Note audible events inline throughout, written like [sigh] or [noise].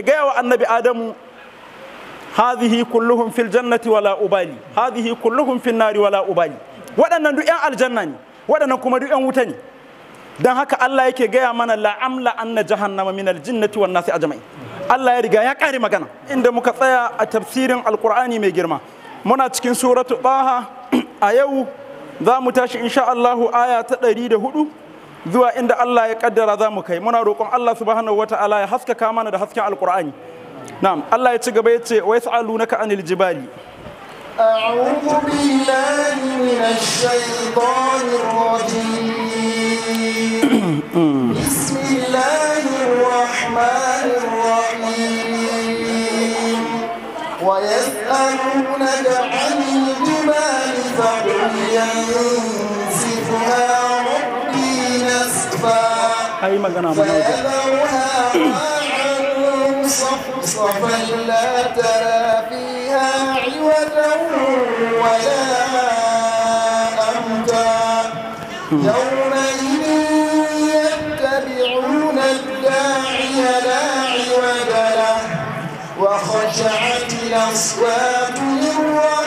gaya wa annabi adamu hadhihi kulluhum fil jannati wala ubali hadhihi kulluhum fil nari wala ubali waɗannan duk 'yan aljanna ne waɗannan kuma duk 'yan wuta ne dan haka Allah yake gaya mana la'amla anna jahannama min aljinnati wan nasi ajmai Allah ya riga ya kare magana inda muka tsaya a tafsirin alqur'ani mai girma muna cikin suratu baha a yau za mu tashi insha Allah aya ta ɗari da hudu zuwa inda Allah ya kaddara za mu kai muna roƙon Allah subhanahu wata'ala ya haskaka mana da hasken alqur'ani na'am Allah ya ci gaba ya yace wa yas'alunaka anil jibali أعوذ بالله من الشيطان الرجيم بسم الله الرحمن الرحيم ويسألونك عن الجبال فقل أي مقنا فيذوها قاعا صفصفا لا ترى فيها عوجا ولا أمتا يومئذ يتبعون الداعي لا عوج له وخشعت الأصوات للرحمن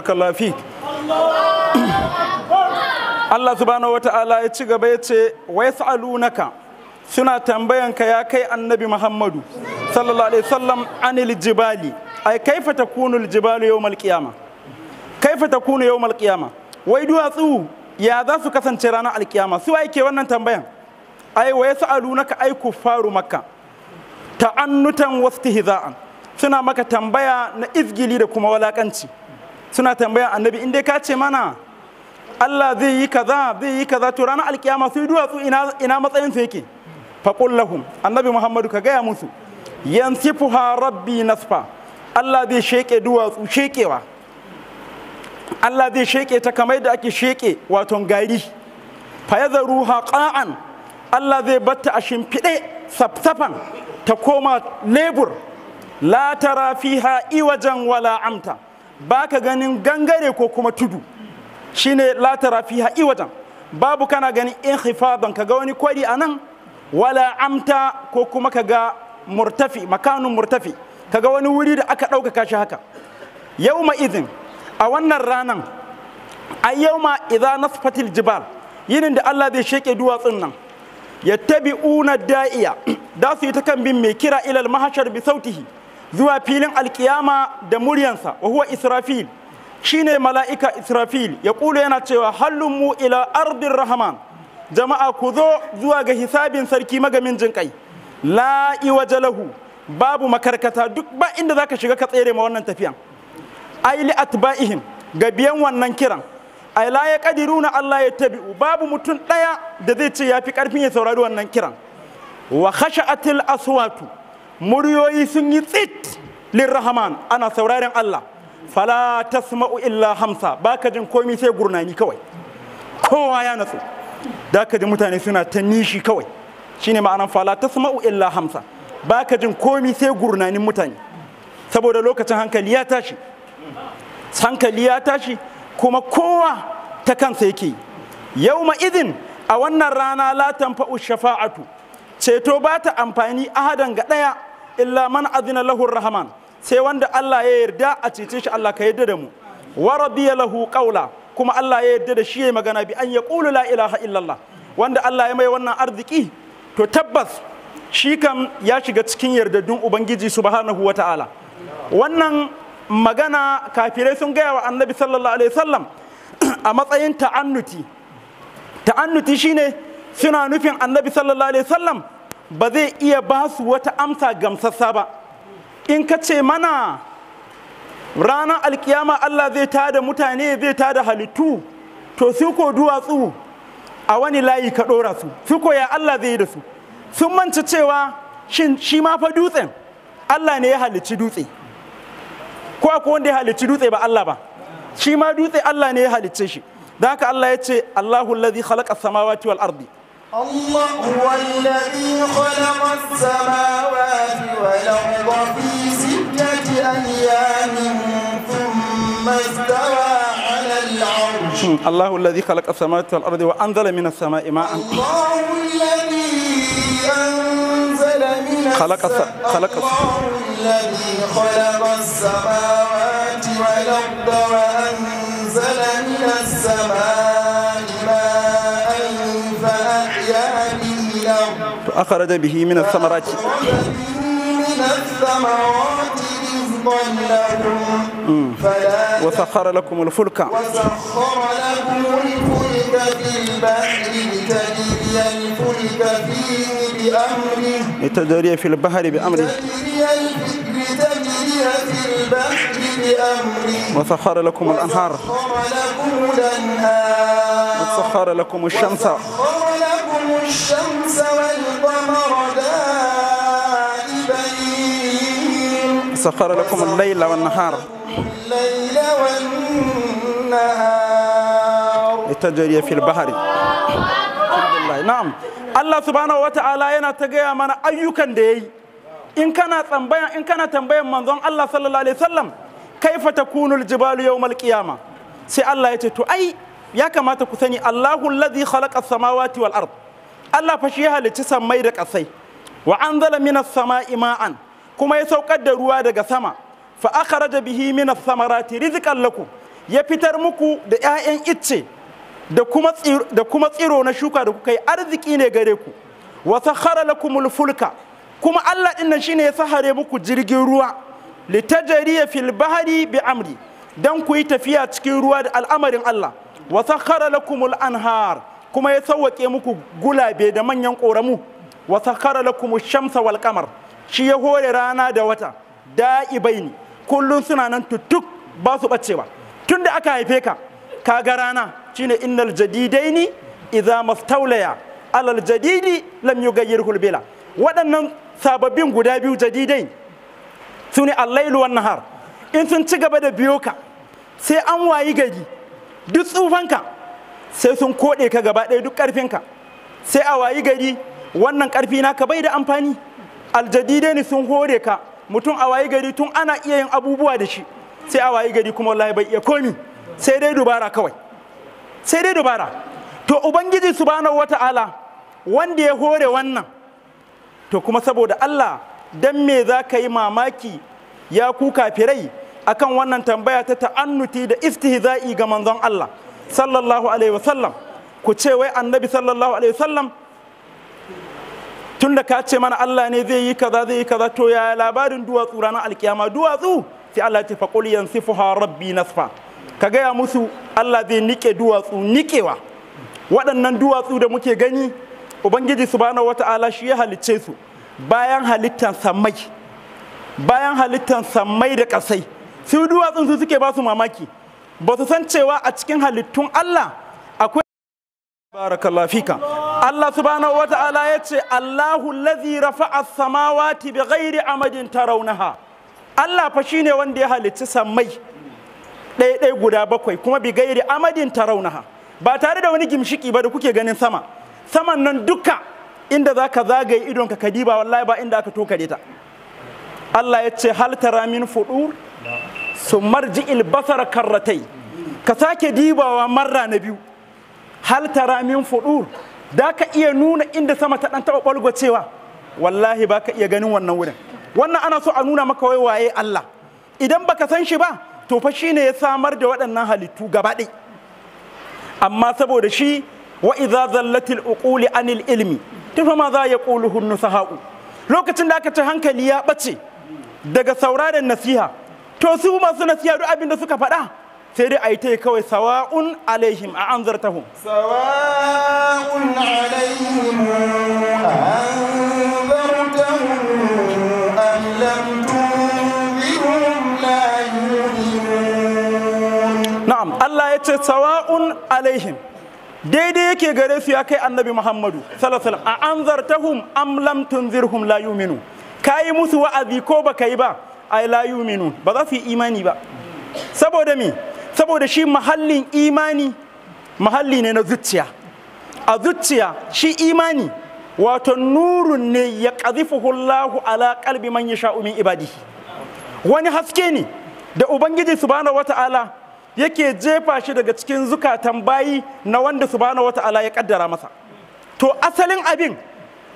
barakallahu fik Allah subhanahu wata'ala ya ci gaba ya ce wa yas'alunaka suna tambayanka ya kai annabi Muhammadu sallallahu alaihi wasallam anil jibali ai kaifa takunu al jibalu yawmal qiyama kaifa takunu yawmal qiyama wai duwatsu ya za su kasance ranar alkiyama su ake wannan tambayan ai wa yas'alunaka ai kufaru makka ta'annutan wastihza'an suna maka tambaya na izgili da kuma walakanci suna tambayan annabi in dai ka ce mana Allah zai yi kaza zai yi kaza to ranar alkiyama su duwatsu ina ina matsayin su yake faqul lahum annabi muhammadu ka gaya musu yansifuha rabbi nasfa Allah zai sheke duwatsu shekewa Allah zai sheke ta kamar da ake sheke waton gari fa yadharuha qa'an Allah zai batta a shimfiɗe safsafan ta koma lebur la tara fiha iwajan wala amta ba ka ganin gangare ko kuma tudu shine latara fiha wajen. babu kana ganin ka ga wani kwari a nan wala amta ko kuma kaga murtafi makanun murtafi kaga wani wuri da aka ɗaukaka shi haka ma izin, a wannan ranan ma idan na nasfatil jibal yinin da Allah zai sheke duwatsun nan yattabi'una da'iya da [clears throat] su yi ta kan bin mai kira ilal mahashar bi sautihi zuwa filin alkiyama da muryansa wa huwa israfil ne mala'ika israfil ya kula yana cewa mu ila ardin rahman jama'a ku zo zuwa ga hisabin sarki magamin jin kai la Jalahu babu makarkata duk ba inda zaka shiga ka tsere ma wannan tafiyan ai li atba'ihim ga biyan wannan kiran ai la ya na Allah ya tabi'u babu mutum daya da zai ce ya fi karfin ya saurari wannan kiran wa khasha'atil aswatu muryoyi sun yi tsit lirrahman ana sauraren Allah fala tasma'u illa hamsa baka jin komai sai gurnani kawai kowa ya natsu da ka ji mutane suna ta nishi kawai shine ma'anan fala tasma'u illa hamsa baka jin komai sai gurnanin mutane saboda lokacin hankali ya tashi hankali ya tashi kuma kowa ta kansa yake yauma idin a wannan rana la tanfa'u shafa'atu ceto ba ta amfani ahadan ga ɗaya illa man adina lahu rahman sai wanda Allah ya yarda a cece shi Allah ka yarda da mu wa ya lahu qawla kuma Allah ya yarda da shi yayi magana bi an yaqulu la ilaha illallah wanda Allah ya mai wannan arziki to tabbas shi kam ya shiga cikin yardadun ubangiji subhanahu wata'ala wannan magana kafirai sun gaya wa annabi sallallahu alaihi wasallam [clears throat] a matsayin ta'annuti ta'annuti shine suna nufin annabi sallallahu alaihi wasallam ba zai iya ba su wata amsa gamsassa ba in ka ce mana ranar alkiyama Allah zai ta da mutane zai ta da halittu to su ko duwatsu a wani layi ka ɗora su su ko ya Allah zai yi da su sun manci cewa shi ma fa dutsen Allah ne ya halicci dutse ko akwai wanda ya halicci dutse ba Allah ba shi ma dutse Allah ne ya halicce shi da haka Allah ya ce Allahu lazi khalaqa samawati wal ardi الله هو الذي خلق السماوات والأرض في ستة أيام ثم استوى على العرش الله الذي خلق السماوات والأرض وأنزل من السماء ماء الله الذي أنزل من خلق السماء خلق الله الذي خلق السماوات والأرض وأنزل من السماء أخرج به من الثمرات وسخر لكم الفلك وسخر لكم الفلك في البحر لتجري الفلك فيه بأمره لتجري في البحر بأمره وسخر لكم الأنهار وسخر لكم الشمس وسخر لكم الشمس والقمر دائبين سخر لكم الليل والنهار الليل والنهار لتجري في البحر نعم الله سبحانه وتعالى ينتقي من أيكن دي in kana tambaya in kana tambayan manzon Allah sallallahu alaihi wasallam kaifa takunu aljibalu yawmal qiyama sai Allah ya ce to ai ya kamata ku sani Allahu alladhi khalaqa samawati wal ard Allah fa shi ya halicci sammai da kasai wa anzala minas sama'i ma'an kuma ya saukar da ruwa daga sama fa akhraja bihi minas samarati rizqan lakum ya fitar muku da 'ya'yan icce da kuma tsiro na shuka da kuka yi arziki ne gare ku wa sakhara lakumul fulka kuma Allah din nan shine ya sahare muku jirgin ruwa litajriya fil bahri bi amri dan ku yi tafiya cikin ruwa da al'amarin Allah wa sakhara lakumul anhar kuma ya sauwake muku gulabe da manyan koramu wa sakhara lakumush shamsa wal qamar shi ya hore rana da wata da'ibaini kullun suna nan tuttuk ba su bacewa tunda aka haife ka kaga rana shine innal jadidaini idza mastaulaya alal jadidi lam yughayyirhu bila waɗannan sababbin guda biyu jadidai su ne allailu wannan nahar in sun ci gaba da biyo ka sai an wayi gari duk tsufanka sai sun koɗe ka gaba ɗaya duk ƙarfinka sai a wayi gari wannan ƙarfi ka bai da amfani aljadidai ne sun hore ka mutum a wayi gari tun ana iya yin abubuwa da shi sai a wayi gari kuma wallahi bai iya komi sai dai dubara kawai sai dai dubara to ubangiji subhanahu wata'ala wanda ya hore wannan to kuma saboda Allah dan me za ka yi mamaki ya ku kafirai akan wannan tambaya ta ta'annuti da istihza'i ga manzon Allah sallallahu alaihi wasallam ku ce wai annabi sallallahu alaihi wasallam tunda ka ce mana Allah ne zai yi kaza zai yi kaza to ya labarin duwatsu ranar alkiyama duwatsu sai Allah ce faqul yansifuha rabbi nasfa ka gaya musu Allah zai nike duwatsu nikewa waɗannan duwatsu da muke gani ubangiji subhanahu ta'ala shi ya halicce su bayan halittan samai bayan halittan samai da kasai su duwatsun su suke ba su mamaki ba su san cewa a cikin halittun Allah akwai barakallahu fika Allah subhanahu ta'ala ya ce Allahu lazi rafa'a samawati bi amadin tarawnaha Allah fa shine wanda ya halicci samai ɗaya ɗaya guda bakwai kuma bi gairi amadin tarawnaha ba tare da wani gimshiki ba da kuke ganin sama saman nan duka inda za ka zagaye idon ka diba wallahi ba inda aka tokare ta Allah ya ce hal tara min fudur su marji ilbasar karratai ka sake dibawa marra na biyu hal tara min fudur da ka iya nuna inda sama ta dan taba cewa wallahi ba ka iya ganin wannan wurin wannan ana so a nuna maka wai waye Allah idan baka san shi ba to fa shine ya samar da waɗannan halittu gaba ɗaya amma saboda shi wa idza zallatil uquli anil ilmi tufa ma za yaquluhu nusahau lokacin da aka ci hankali ya bace daga sauraren nasiha to su masu nasiha duk abinda suka faɗa sai dai a yi ta kawai sawa'un alaihim a anzartahum sawa'un alaihim Allah ya ce sawa'un alaihim daidai yake gare su ya kai annabi muhammadu salasalam a an am lam tunzirhum la ka kayi musu wa'azi ko ba ka yi ba ai layuminu. ba za su yi imani ba saboda me saboda shi mahallin imani mahalli ne na zuciya a zuciya shi imani wato nurun ne ya ƙazifuhu Allahu ala kalbi man yasha'u wani haske ne da ubangiji subhanahu ta'ala. yake jefa shi daga cikin zukatan bayi na wanda subhanahu wata'ala ya kaddara masa to asalin abin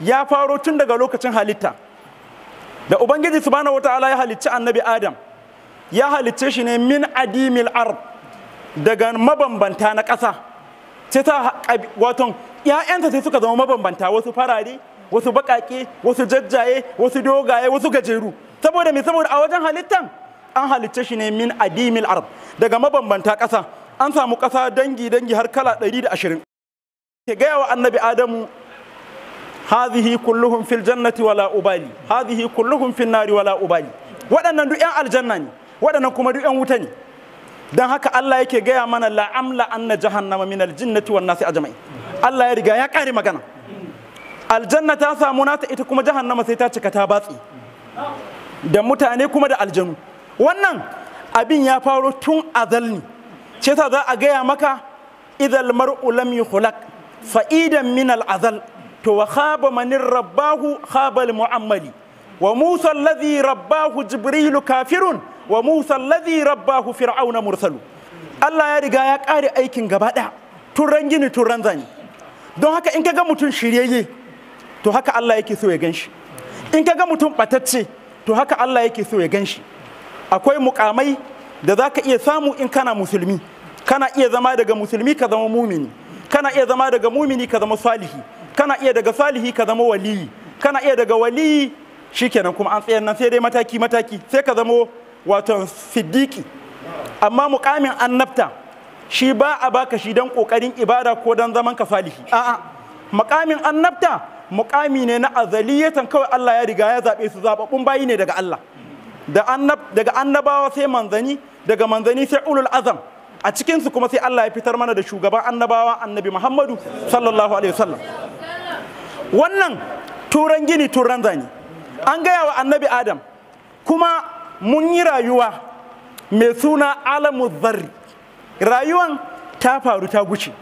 ya faro tun daga lokacin halitta da ubangiji subhanahu wata'ala ya halicci annabi adam ya halicce shi ne min adimil ar, daga mabambanta na ƙasa sai ta waton ‘ya'yanta sai suka zama mabambanta wasu farare wasu baƙaƙe wasu jajjaye wasu dogaye wasu gajeru saboda me saboda a wajen halittan an halicce shi ne min adimil arab daga mabambanta ƙasa an samu ƙasa dangi dangi har kala 120 ke gaya wa annabi adamu hadhihi kulluhum fil jannati wala ubali hadhihi kulluhum fil nari wala ubali waɗannan duk 'yan aljanna ne waɗannan kuma duk 'yan wuta ne dan haka Allah yake gaya mana la'amla anna jahannama min aljinnati wan nasi ajma'in Allah ya riga ya kare magana aljanna ta samu nata ita kuma jahannama sai ta cika ta batsi da mutane kuma da aljanu wannan abin ya faru tun azal ne ce ta za a gaya maka idal mar'u lam yukhlaq fa'idan min al azal to wa khaba manin rabbahu khaba al mu'ammali wa musa alladhi rabbahu jibrilu kafirun wa musa alladhi rabbahu fir'auna mursalu Allah ya riga ya kare aikin gaba ɗaya turan gini turan zani don haka in ka mutum shiryayye to haka Allah yake so ya ganshi in ka ga mutum batacce to haka Allah yake so ya ganshi akwai mukamai da za ka iya samu in kana musulmi kana iya zama daga musulmi ka zama mumini kana iya zama daga mumini ka zama salihi kana iya daga salihi ka zama waliyi kana iya daga waliyi kenan kuma an tsayar nan sai dai mataki mataki sai ka zama wato siddiki amma mukamin annabta shi ba a baka shi don kokarin ibada ko don zaman ka salihi a'a mukamin annabta mukami ne na azaliyatan kawai Allah ya riga ya zabe su zababbun bayi ne daga Allah daga annabawa sai manzani daga manzani sai ulul azam a cikinsu kuma sai Allah ya fitar mana da shugaban annabawa annabi Muhammadu sallallahu alaihi wasallam wannan turan gini turan zani an gaya wa annabi Adam kuma mun yi rayuwa mai suna alamu zarri rayuwan ta faru ta guce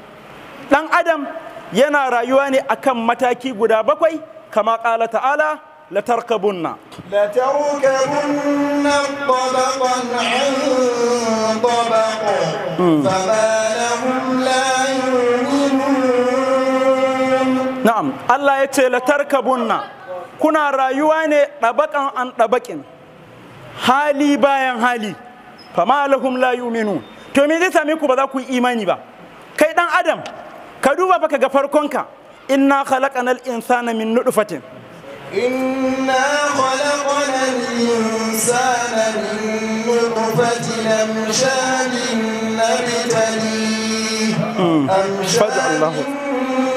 dan adam yana rayuwa ne akan mataki guda bakwai kama ƙala ta'ala لتركبن لتركبن طبقا عن طبق فما لهم لا يؤمنون نعم الله يتي لتركبن كنا رايوان طبقا عن طبق hali bayan hali fama lahum la yu'minun to me zai same ku ba za ku yi imani ba kai dan adam ka duba baka ga farkonka inna khalaqanal insana min nutfatin إنا خلقنا الإنسان من نطفة أمشاج نبتليه أمشاج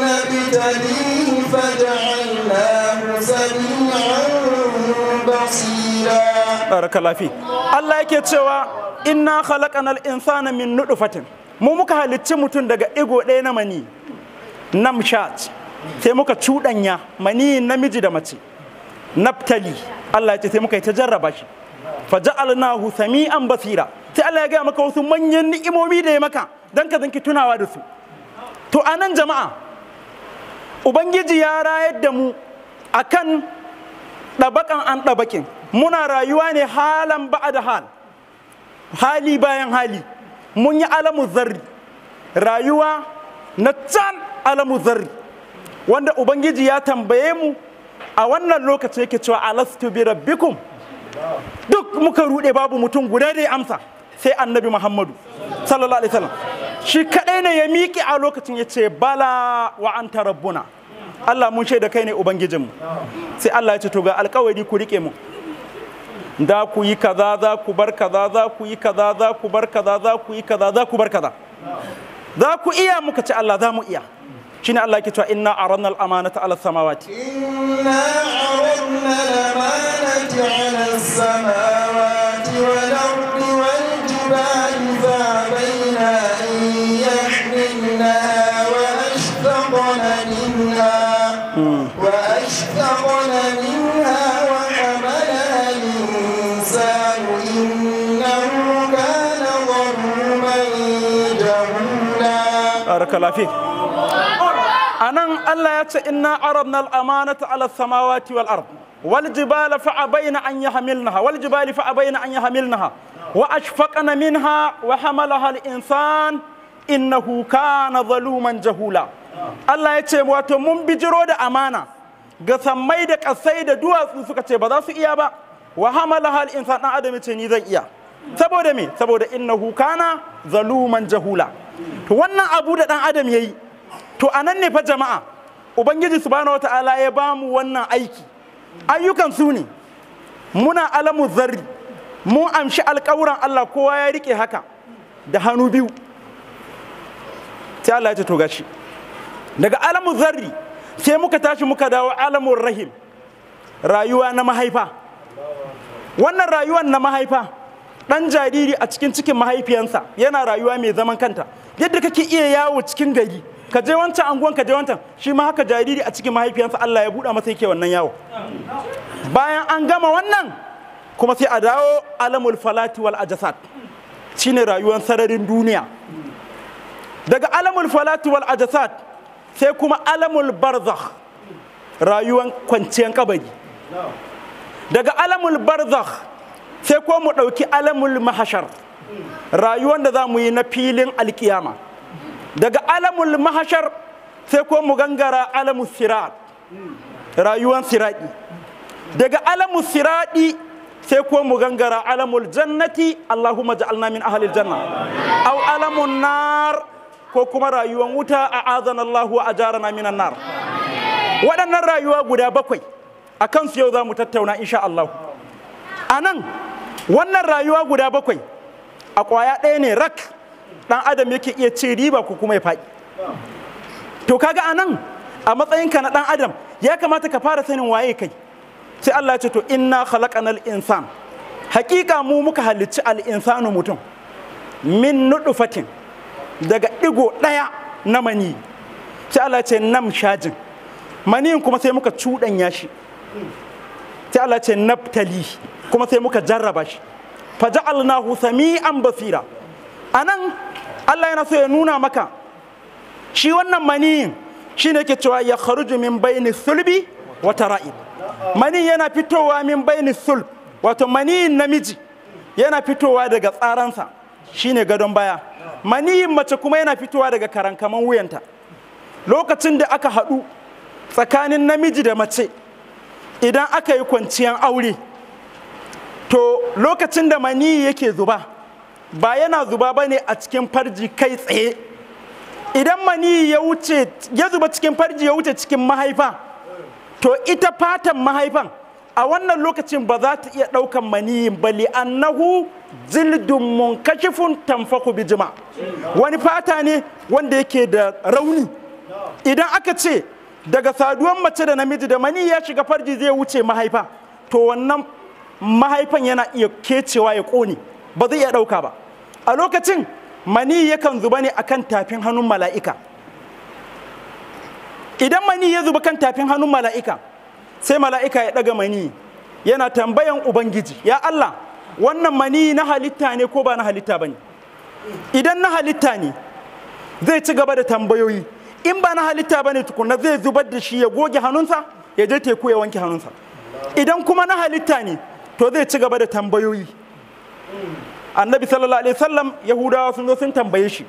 نبتليه فجعلناه سميعا بصيرا بارك الله فيك الله إنا خلقنا الإنسان من نطفة mu muka halicci mutum daga ego ɗaya na mani namshat sai muka cuɗanya mani namiji da mace naftali Allah ya ce sai muka yi ta jarraba shi fa ja'alnahu sami'an basira sai Allah ya ga maka wasu manyan ni'imomi da ya maka dan ka zanki tunawa da su to anan jama'a ubangiji ya rayar da mu akan ɗabakan an ɗabakin muna rayuwa ne halan ba'a da hal hali bayan hali mun yi alamu zarri rayuwa na can alamu zarri wanda ubangiji ya tambaye mu a wannan lokacin yake cewa alastu bi rabbikum duk muka rude babu mutum guda da amsa sai annabi muhammadu sallallahu alaihi wasallam shi kadai ne ya miƙe a lokacin ya ce bala wa anta rabbuna Allah mun shaida kai ne mu sai Allah ya ce to ga alƙawari ku rike mu da ku yi kaza za ku bar kaza za ku yi kaza za ku bar kaza za ku yi kaza za ku bar kaza za ku iya muka ci Allah za mu iya شنو الله كتوى إنا أردنا الأمانة على السماوات إنا عرضنا الأمانة على السماوات والأرض والجبال فأبينا أن يحملنا وأشتقنا منها وأشتقنا منها الإنسان إنه كان ظلما بارك الله فيك anan Allah ya ce inna arabna al-amanata ala samawati wal ard wal jibala fa abaina an yahmilnaha wal jibali fa abaina an yahmilnaha wa ashfaqna minha wa hamalaha al-insan innahu kana zaluman jahula Allah ya ce wato mun bijiro da amana ga sammai da kasai da duwatsu suka ce ba za su iya ba wa hamalaha al-insan dan adam ce ni zan iya saboda me saboda innahu kana zaluman jahula to wannan abu da dan adam yayi to a nan ne fa jama'a ubangiji subhanahu ta'ala ya ba mu wannan aiki ayyukan su ne muna alamu zarri mu amshi alƙawuran Allah kowa ya rike haka da hannu biyu sai ya ce to gashi daga alamu zarri sai muka tashi muka dawo alamun rahim rayuwa na mahaifa wannan rayuwan na mahaifa ɗan jariri a cikin cikin mahaifiyansa yana rayuwa mai zaman kanta yadda kake iya yawo cikin gari ka je wancan anguwan ka je wancan shi ma haka jariri a cikin mahaifiyarsa Allah ya buɗa masa yake wannan yawo bayan an gama wannan kuma sai a dawo alamul falati wal ajasat shine rayuwar sararin duniya daga alamul falati wal ajasat sai kuma alamul barzakh rayuwar kwanciyar kabari daga alamul barzakh sai ko mu ɗauki alamul mahashar rayuwar da za mu yi na filin alkiyama daga alamul mahashar sai ko mu gangara alamul sirat rayuwan siradi daga alamul siraɗi sai ko mu gangara alamul jannati allahumma ja'alna min ahlil janna aw alamun nar ko kuma rayuwan wuta a azan allah wa ajarana minan nar waɗannan rayuwa guda bakwai a kansu yau za mu tattauna insha Allah a nan wannan rayuwa guda bakwai a ƙwaya ɗaya ne rak dan adam yake iya ce riba ko kuma ya faɗi to kaga anan a matsayin ka na dan adam ya kamata ka fara sanin waye kai sai Allah ya ce to inna khalaqanal insan hakika mu muka halicci al insanu mutum min nudufatin daga digo daya na mani sai Allah ya ce nam shajin maniyin kuma sai muka cuɗan yashi. sai Allah ce naftali kuma sai muka jarraba shi faja'alnahu sami'an basira anan Allah yana so ya nuna maka shi wannan maniyin shi ne ke cewa ya kharuju min bayni sulbi wata ra'i mani yana fitowa min bayni sulb wato mani namiji yana fitowa daga tsaransa shi ne gadon baya maniyin mace kuma yana fitowa daga karankaman wuyanta lokacin da aka haɗu tsakanin namiji da mace idan aka yi kwanciyar aure to lokacin da maniyi yake zuba ba yana zuba ba ne a cikin farji kai tsaye idan mani ya wuce ya zuba cikin farji ya wuce cikin mahaifa to ita fatan mahaifan a wannan lokacin ba za ta iya ɗaukan maniyin ba li'annahu jildun munkashifun tamfaku bijima wani fata ne wanda yake da rauni idan aka ce daga saduwan mace da namiji da mani ya shiga farji zai wuce mahaifa to wannan mahaifan yana iya kecewa ya ƙone ba zai iya ɗauka ba a lokacin mani yakan zuba ne akan tafin hannun mala'ika idan mani ya zuba kan tafin hannun mala'ika sai mala'ika ya ɗaga mani yana tambayan ubangiji ya Allah wannan mani na halitta ne ko ba na halitta ba ne idan na halitta ne zai ci gaba da tambayoyi in ba na halitta ba ne tukuna zai zubar da shi ya goge hannunsa ya je teku ya wanke hannunsa idan kuma na halitta ne to zai ci gaba da tambayoyi annabi sallallahu alaihi wasallam yahudawa sun zo sun tambaye shi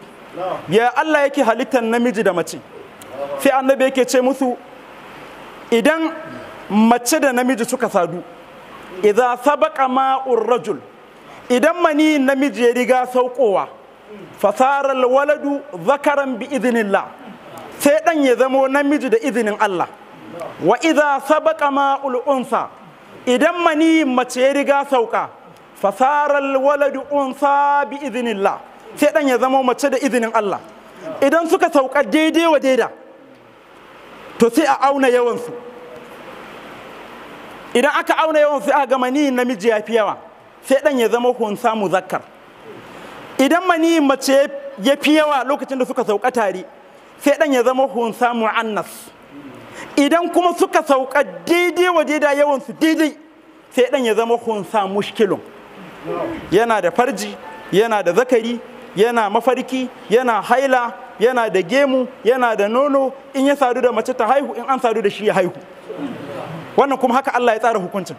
ya Allah yake halittar namiji da mace sai annabi yake ce musu idan mace da namiji suka sadu idza sabaqa ma'ur rajul idan mani namiji ya riga saukowa fasarar waladu zakaran bi idinillah sai dan ya zamo namiji da izinin Allah wa idza sabaqa ma'ul unsa idan mani mace ya riga sauka Fasarar waladu unsa bi izinillah, sai dan ya zama mace da izinin Allah idan suka sauka daidai wa daida to sai a auna yawansu idan aka auna yawansu a ga maniyin namiji ya fi yawa sai dan ya zama hunsa muzakkar idan maniyin mace ya fi yawa lokacin da suka sauka tare sai dan ya zama hunsa mu'annas idan kuma suka sauka daidai wa daida yawansu daidai sai dan ya zama hunsa mushkilun yana da farji yana da zakari yana mafarki yana haila yana da gemu yana da nono in ya sadu da mace ta haihu in an sadu da shi ya haihu wannan kuma haka Allah ya tsara hukuncin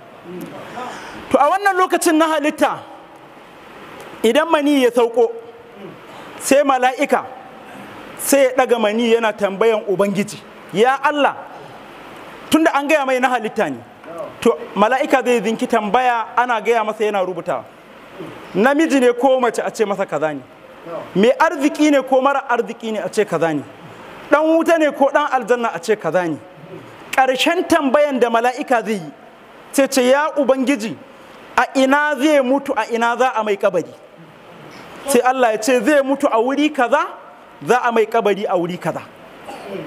to a wannan lokacin na halitta idan mani ya sauko sai mala'ika sai ya ɗaga mani yana tambayan ubangiji ya Allah tunda an gaya mai na halitta ne to mala'ika zai zinki tambaya ana gaya masa yana rubutawa namiji ne ko mace a ce masa kaza ne mai arziki ne ko mara arziki ne a ce kaza ne dan wuta ne ko ɗan aljanna a ce kaza ne ƙarshen tambayan da mala'ika zai yi ce ce ya ubangiji a ina zai mutu a ina za a mai kabari sai Allah ya ce zai mutu a wuri kaza za a mai kabari a wuri kaza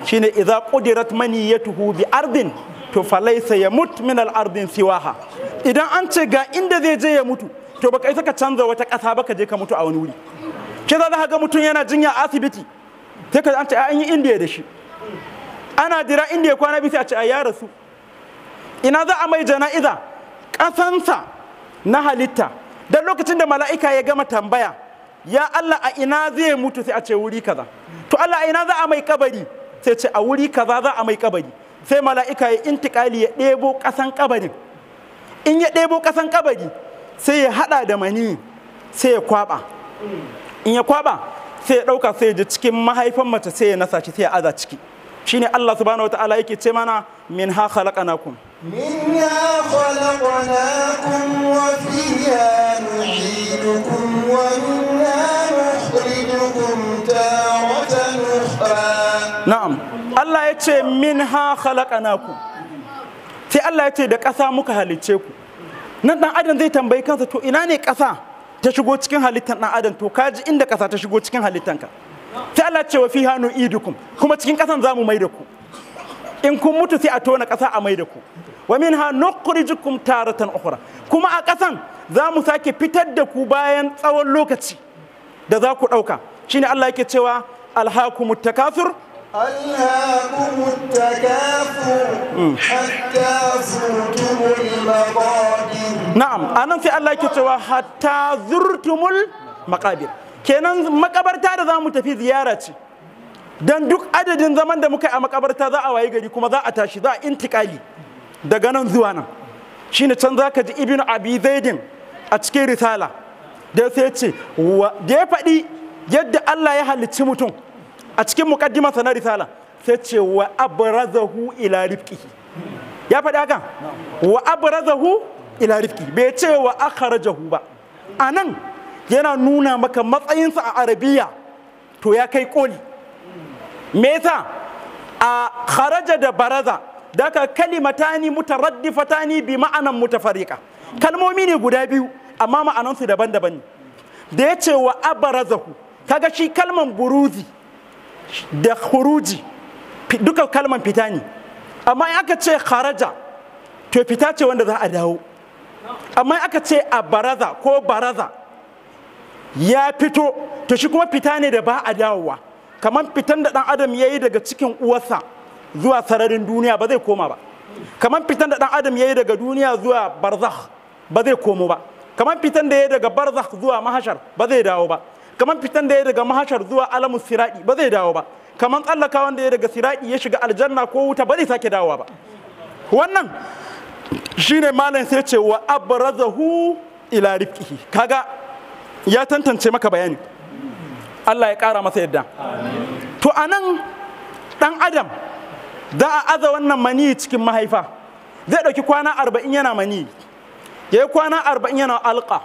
shine idza ya maniyatuhu bi ardin to falaysa yamut min al ardin siwaha idan an ce ga inda zai je ya mutu to baka isa ka canza wata ƙasa ba ka je ka mutu a wani wuri ke za ka ga mutum yana jinya a asibiti sai ka ce an yi indiya da shi ana jira indiya kwana bisa a ce a ya rasu ina za a mai jana'iza ƙasansa na halitta don lokacin da mala'ika ya gama tambaya ya Allah a ina zai mutu sai a ce wuri kaza to Allah a ina za a mai kabari sai ce a wuri kaza za a mai kabari sai mala'ika ya intikali ya ɗebo ƙasan kabarin in ya ɗebo ƙasan kabari sai ya hada da mani sai ya kwaba in ya kwaba sai ya dauka sai ji cikin mahaifan mace sai ya nasa shi sai ya aza ciki shine Allah subhanahu wataala yake ce mana min ha khalaqnakum min ha khalaqnakum wa fiha nu'idukum wa minha nukhrijukum taratan na'am Allah ya ce min ha khalaqnakum sai Allah ya ce da ƙasa muka halicce ku nan dan adam zai tambayi kansa to ina ne ƙasa ta shigo cikin halittar dan adam to kaji inda ƙasa ta shigo cikin halittanka sai Allah ce fi hanu idukum kuma cikin ƙasan za mu mai da ku in kun mutu sai a tona ƙasa a mai da ku wa min ha nukhrijukum taratan ukhra kuma a ƙasan za mu sake fitar da ku bayan tsawon lokaci da za ku ɗauka shine Allah yake cewa alhaakumut takathur ألهاكم التكاثر حتى زرتم المقابر نعم أنا في الله كتوى حتى زرتم المقابر kenan makabarta da za mu tafi ziyara ce Dan duk adadin zaman da muka yi a makabarta za a waye gari kuma za a tashi za a intikali daga nan zuwa nan shine can za ka ji ibnu abi a cikin risala da sai ce da ya faɗi yadda Allah ya halicci mutum a cikin mukaddima sa na risala sai ce wa abrazahu ila rifqi ya faɗi haka wa abrazahu ila rifqi bai ce wa akhrajahu ba anan yana nuna maka matsayinsa a arabiya to ya kai koli me yasa a kharaja da baraza daga kalimatani mutaraddifatani bi ma'anan mutafarriqa kalmomi ne guda biyu amma ma'anansu daban-daban ne da ya ce wa abarazahu kaga shi kalman buruzi da kuruji duka kalman fita ne amma in aka ce kharaja to fita ce wanda za a dawo amma in aka ce a baraza ko baraza ya fito to shi kuma fita ne da ba a dawowa kamar fitan da dan adam ya yi daga cikin uwarsa zuwa sararin duniya ba zai koma ba kamar fitan da dan adam ya yi daga duniya zuwa barzakh ba zai komo ba kamar fitan da ya daga barzakh zuwa mahashar ba zai dawo ba kamar fitan da ya daga mahashar zuwa alamu Siraɗi ba zai dawo ba kamar tsallaka wanda ya daga Siraɗi ya shiga aljanna ko wuta ba zai sake dawowa ba wannan shine malam sai ce wa abrazahu ila rifqihi kaga ya tantance maka bayani Allah ya kara masa yadda to anan dan adam za a aza wannan mani cikin mahaifa zai ɗauki kwana arba'in yana mani ya yi kwana arba'in yana alƙa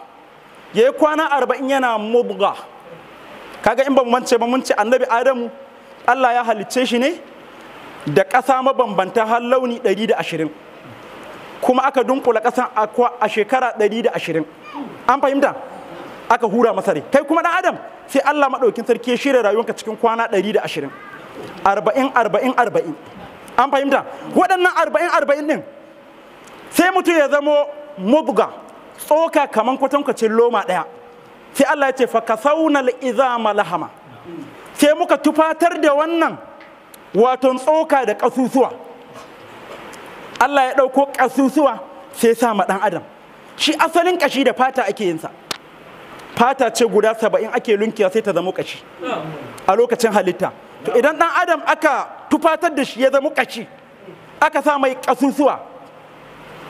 ya yi kwana arba'in yana mubga kaga in ban mance ba mun ce annabi adamu allah ya halicce shi ne da ƙasa mabambanta har launi 120 kuma aka dunkula ƙasan a shekara 120 an fahimta aka hura masare. kai kuma ɗan adam sai allah maɗaukin sarki ya shirya rayuwanka cikin kwana 120 arba'in arba'in arba'in an fahimta waɗannan arba'in arba'in ɗin sai mutum ya zamo mubga tsoka kamar kwatankwacin loma ɗaya sai Allah ya ce fa kasauna al-izama lahama sai muka tufatar da wannan waton tsoka da kasusuwa Allah ya ɗauko kasusuwa sai ya sama dan adam shi asalin kashi da fata ake yin fata ce guda saba'in ake lunkiya sai ta zama kashi a lokacin halitta to idan ɗan adam aka tufatar da shi ya zama kashi aka sa mai kasusuwa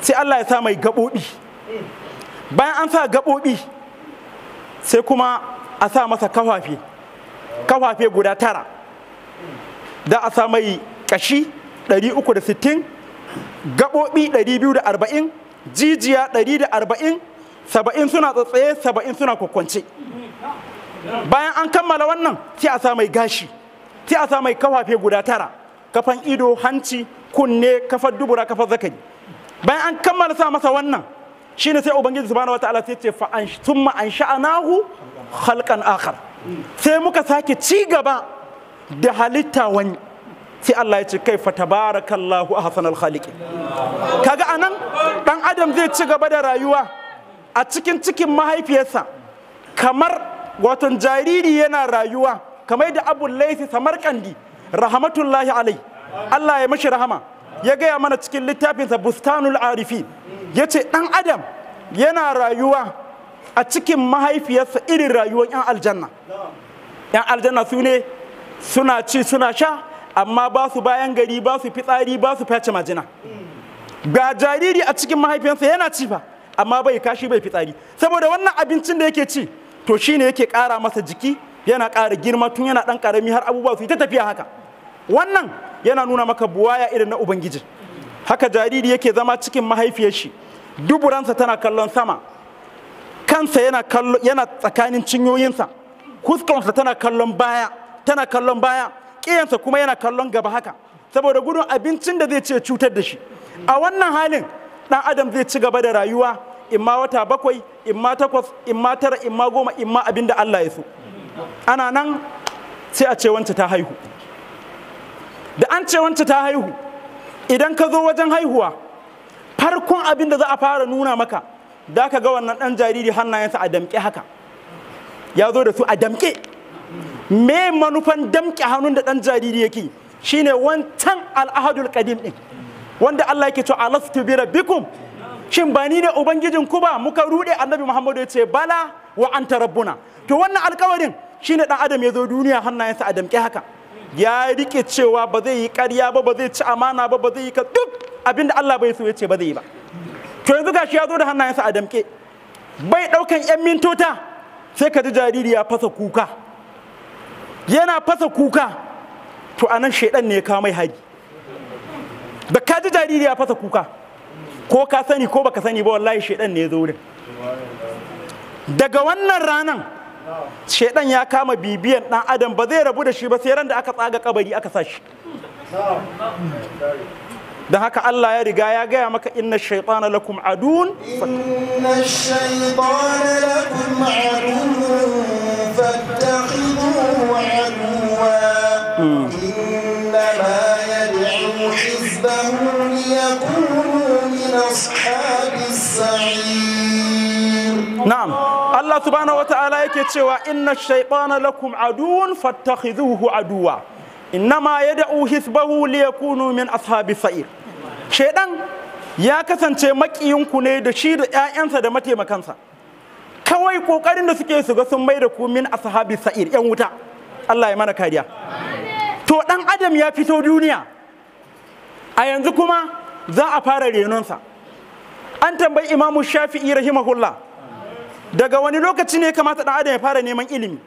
sai Allah ya sa mai gaɓoɓi bayan an sa gaɓoɓi sai kuma a sa masa kafafe kafafe guda tara da a sa mai kashi 360 gaɓoɓi 240 jijiya 140 saba'in suna tsatsaye saba'in suna kwakwance bayan an kammala wannan sai a sa mai gashi sai a sa mai kafafe guda tara kafan ido hanci kunne kafar dubura kafar zakari bayan an kammala sa masa wannan shine sai ubangiji subhanahu wataala sai ce fa an thumma ansha'nahu khalqan akhar sai muka sake ci gaba da halitta wani sai Allah ya ce kai fa tabarakallahu al khaliqi kaga anan dan adam zai ci gaba da rayuwa a cikin cikin mahaifiyarsa kamar waton jariri yana rayuwa kamar da abul laisi samarkandi rahmatullahi alai Allah ya mashi rahama ya gaya mana cikin littafinsa bustanul arifi ya ce ɗan adam yana rayuwa a cikin mahaifiyarsa irin rayuwar 'yan aljanna 'yan aljanna su ne suna ci suna sha amma ba su bayan gari ba su fitsari ba su face majina ga jariri a cikin mahaifiyarsa yana ci fa amma bai kashi bai fitsari saboda wannan abincin da yake ci to shine yake ƙara masa jiki yana ƙara girma tun yana ɗan karami har abubuwa su yi ta tafiya haka wannan yana nuna maka buwaya irin na ubangiji haka jariri yake zama cikin mahaifiyar shi duburansa tana kallon sama kansa yana tsakanin cinyoyinsa huskansa tana kallon baya tana kallon baya kiyansa kuma yana kallon gaba haka saboda gudun abincin da zai ce cutar da shi a wannan halin ɗan adam zai ci gaba da rayuwa imma wata bakwai imma takwas imma tara imma goma imma abin da Allah ya so ana nan sai a ce wance ta haihu da an ce wance ta haihu idan ka zo wajen haihuwa farkon abin da za a fara nuna maka da ka ga wannan ɗan jariri hannayensa a damƙe haka ya zo da su a damƙe me manufan damƙe hannun da ɗan jariri yake shine wancan al'ahadul qadim ɗin wanda Allah yake cewa alastu bi rabbikum shin ba ni ne ubangijin ku ba muka rude annabi Muhammadu ya ce bala wa anta rabbuna to wannan alƙawarin shine ɗan adam ya zo duniya hannayensa a damƙe haka ya rike cewa ba zai yi ƙarya ba ba zai ci amana ba ba zai yi duk abinda Allah bai so ya ce ba zai yi ba to yanzu gashi ya zo da hannayensa a damke bai ɗaukan 'yan mintota sai ka ji jariri ya fasa kuka yana fasa kuka to anan shaidan ne ya kawo mai hari da ka ji jariri ya fasa kuka ko ka sani ko baka sani ba wallahi shaidan ne ya zo wurin daga wannan ranan shedan ya kama bibiyan dan adam ba zai rabu da shi ba sai ran da aka tsaga kabari aka sa shi da haka Allah ya riga ya gaya maka inna shaytana lakum adun inna shaytana lakum adun fattakhiduhu aduwa hmm. inna ma yad'u hizbahu liyakunu min ashabis sa'id na'am Allah subhanahu wata'ala yake cewa inna shaytana lakum aduwwun fattakhidhuhu aduwa innama yad'u hisbahu liyakunu min ashabi sa'ir shaydan ya kasance makiyinku ne da shi da ƴaƴansa da mataimakansa kawai kokarin da suke su ga sun mai da ku min ashabi sa'ir yan wuta Allah ya mana kariya to ɗan adam ya fito duniya a yanzu kuma za a fara renonsa an tambayi imamu shafi'i rahimahullah daga wani lokaci ne kamata dan adam ya fara neman ilimi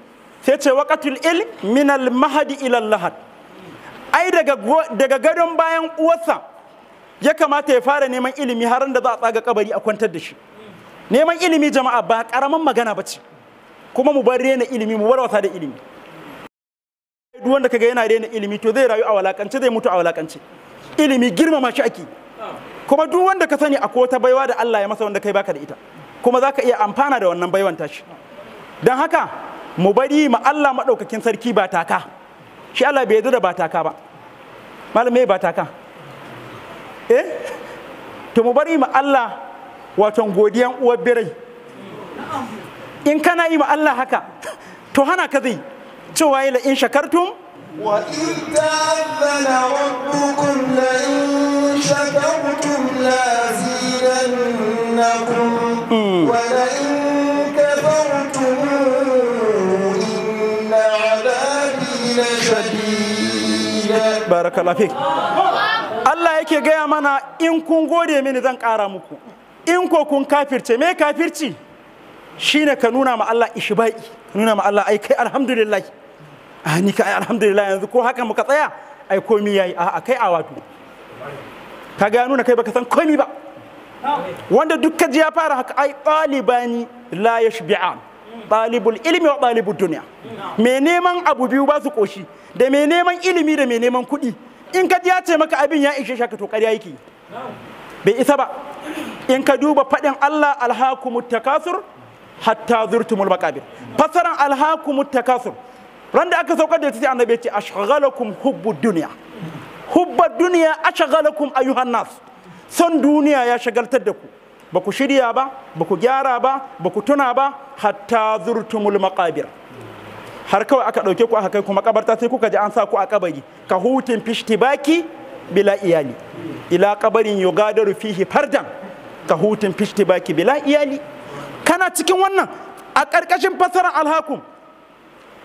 sai ce waqatul ilm min al mahdi ila lahad ai daga daga gadon bayan uwarsa ya kamata ya fara neman ilimi har da za a tsaga kabari a kwantar da shi neman ilimi jama'a ba karaman magana ba ce kuma mu bar rena ilimi mu bar wasa da ilimi duk wanda kaga yana rena ilimi to zai rayu a walakance zai mutu a walakance ilimi girmama shi ake kuma duk wanda ka sani akwai wata baiwa da Allah ya masa wanda kai baka da ita kuma za ka iya amfana da wannan baiwan tashi don haka mu bari ma Allah maɗaukakin sarki ba taka shi Allah bai yarda da ba taka ba malamai ba taka eh to mu bari ma Allah waton godiyan uwar birai in kana yi ma Allah haka to hana ka zai cewa yi la in shakartum وإذ تأذن ربكم Allah yake gaya mana in kun gode mini zan ƙara muku in ko kun kafirce me kafirci shine ka nuna ma Allah ishibai, ka nuna ma Allah ai kai alhamdulillah a ah, ni ka alhamdulillah yanzu ko haka muka tsaya ai komi yayi ah, a kai a wato ka ga nuna kai baka san komi ba wanda duka ji ya fara haka ai talibani la yashbi'an talibul ilmi wa ɗalibul duniya me neman abu biyu ba su koshi da me neman ilimi da me neman kuɗi in ka ji ya ce maka abin ya ishe shaka to ƙarya yake bai isa ba in ka duba faɗin Allah alhakumut takasur hatta zurtumul maqabir fasaran alhakumut takasur ran da aka saukar da ita sai annabi ya ce ashghalakum hubbu dunya hubbar duniya ashghalakum ayyuhan nas son duniya ya shagaltar da ku ba ku shirya ba ba ku gyara ba ba ku tuna ba hatta zurtumul maqabir har kawai aka dauke ku aka kai ku makabarta sai kuka ji an sa ku a kabari ka hutin baki bila iyali ila kabarin yugadaru fihi fardan ka hutin baki bila iyali kana cikin wannan a ƙarƙashin fasarar alhakum